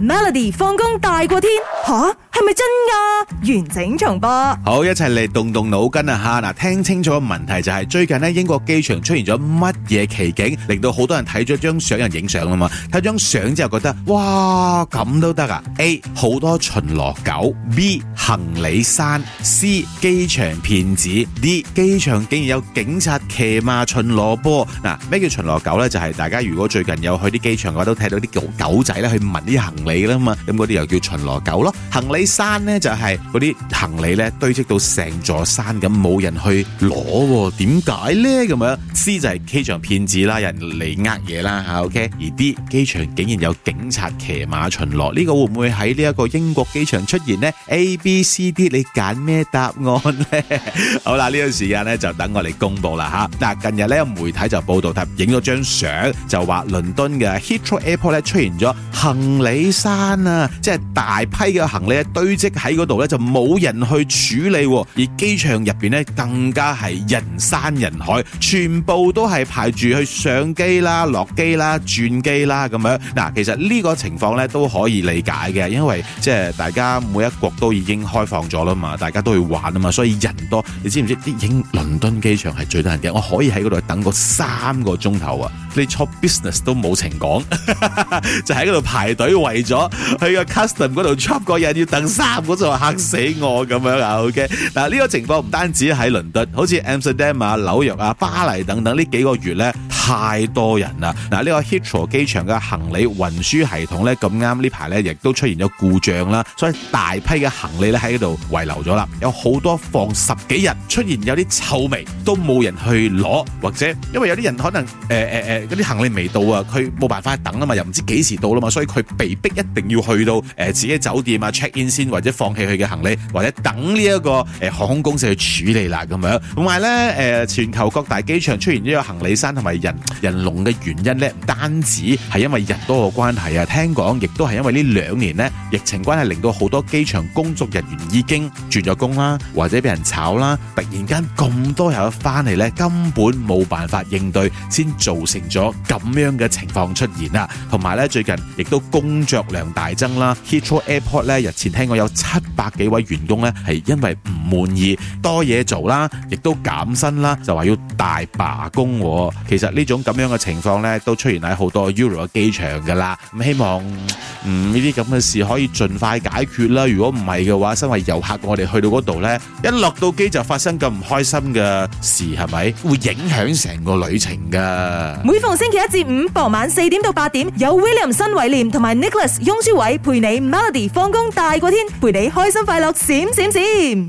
Melody 放工大過天吓，係咪真噶？完整重播，好，一齊嚟動動腦筋啊！吓嗱，聽清楚問題就係最近呢英國機場出現咗乜嘢奇景，令到好多人睇咗張相，有人影相啊嘛！睇張相之後覺得哇，咁都得啊！A 好多巡邏狗，B 行李山，C 機場騙子，D 機場竟然有警察騎馬巡邏波！嗱，咩叫巡邏狗呢？就係大家如果最近有去啲機場嘅話，都睇到啲狗狗仔咧去聞啲行李。你啦嘛，咁嗰啲又叫巡邏狗咯。行李山咧就係嗰啲行李咧堆積到成座山咁，冇人去攞，點解咧咁樣？C 就係機場騙子啦，人嚟呃嘢啦吓。OK，而 D 機場竟然有警察騎馬巡邏，呢個會唔會喺呢一個英國機場出現咧？A、B、C、D，你揀咩答案咧？好啦，呢個時間咧就等我哋公布啦吓。嗱，近日咧有媒體就報道，提影咗張相，就話倫敦嘅 Heathrow Airport 咧出現咗行李。山啊，即係大批嘅行李堆積喺度咧，就冇人去處理，而機場入邊咧更加係人山人海，全部都係排住去上機啦、落機啦、轉機啦咁樣。嗱，其實呢個情況咧都可以理解嘅，因為即係大家每一國都已經開放咗啦嘛，大家都去玩啊嘛，所以人多。你知唔知啲英倫敦機場係最多人嘅？我可以喺度等個三個鐘頭啊，你坐 business 都冇情講， 就喺度排隊圍。咗，去個 custom 嗰度 job 個人要等三個鐘，嚇死我咁樣啊！OK，嗱呢個情況唔單止喺倫敦，好似 Amsterdam 啊、紐約啊、巴黎等等呢幾個月咧。太多人啦！嗱，呢個 Heathrow 機場嘅行李運輸系統咧，咁啱呢排咧亦都出現咗故障啦，所以大批嘅行李咧喺嗰度遺留咗啦，有好多放十幾日，出現有啲臭味，都冇人去攞，或者因為有啲人可能誒誒誒嗰啲行李未到啊，佢冇辦法等啊嘛，又唔知幾時到啦嘛，所以佢被逼一定要去到誒自己酒店啊 check in 先，或者放棄佢嘅行李，或者等呢一個誒航空公司去處理啦咁樣。同埋咧誒，全球各大機場出現呢個行李山同埋人人龍嘅原因呢，唔單止係因為人多嘅關係啊，聽講亦都係因為呢兩年呢，疫情關係，令到好多機場工作人員已經轉咗工啦，或者俾人炒啦，突然間咁多人一翻嚟呢，根本冇辦法應對，先造成咗咁樣嘅情況出現啊。同埋呢，最近亦都工作量大增啦，Heathrow Airport 呢，日前聽講有七百幾位員工呢，係因為。滿意多嘢做啦，亦都減薪啦，就話要大罷工。其實呢種咁樣嘅情況咧，都出現喺好多 Euro 嘅機場噶啦。咁希望嗯呢啲咁嘅事可以盡快解決啦。如果唔係嘅話，身為遊客，我哋去到嗰度咧，一落到機就發生咁唔開心嘅事，係咪會影響成個旅程噶？每逢星期一至五傍晚四點到八點，有 William 新偉廉同埋 Nicholas 雍舒偉陪你 Melody 放工大過天，陪你開心快樂閃閃閃。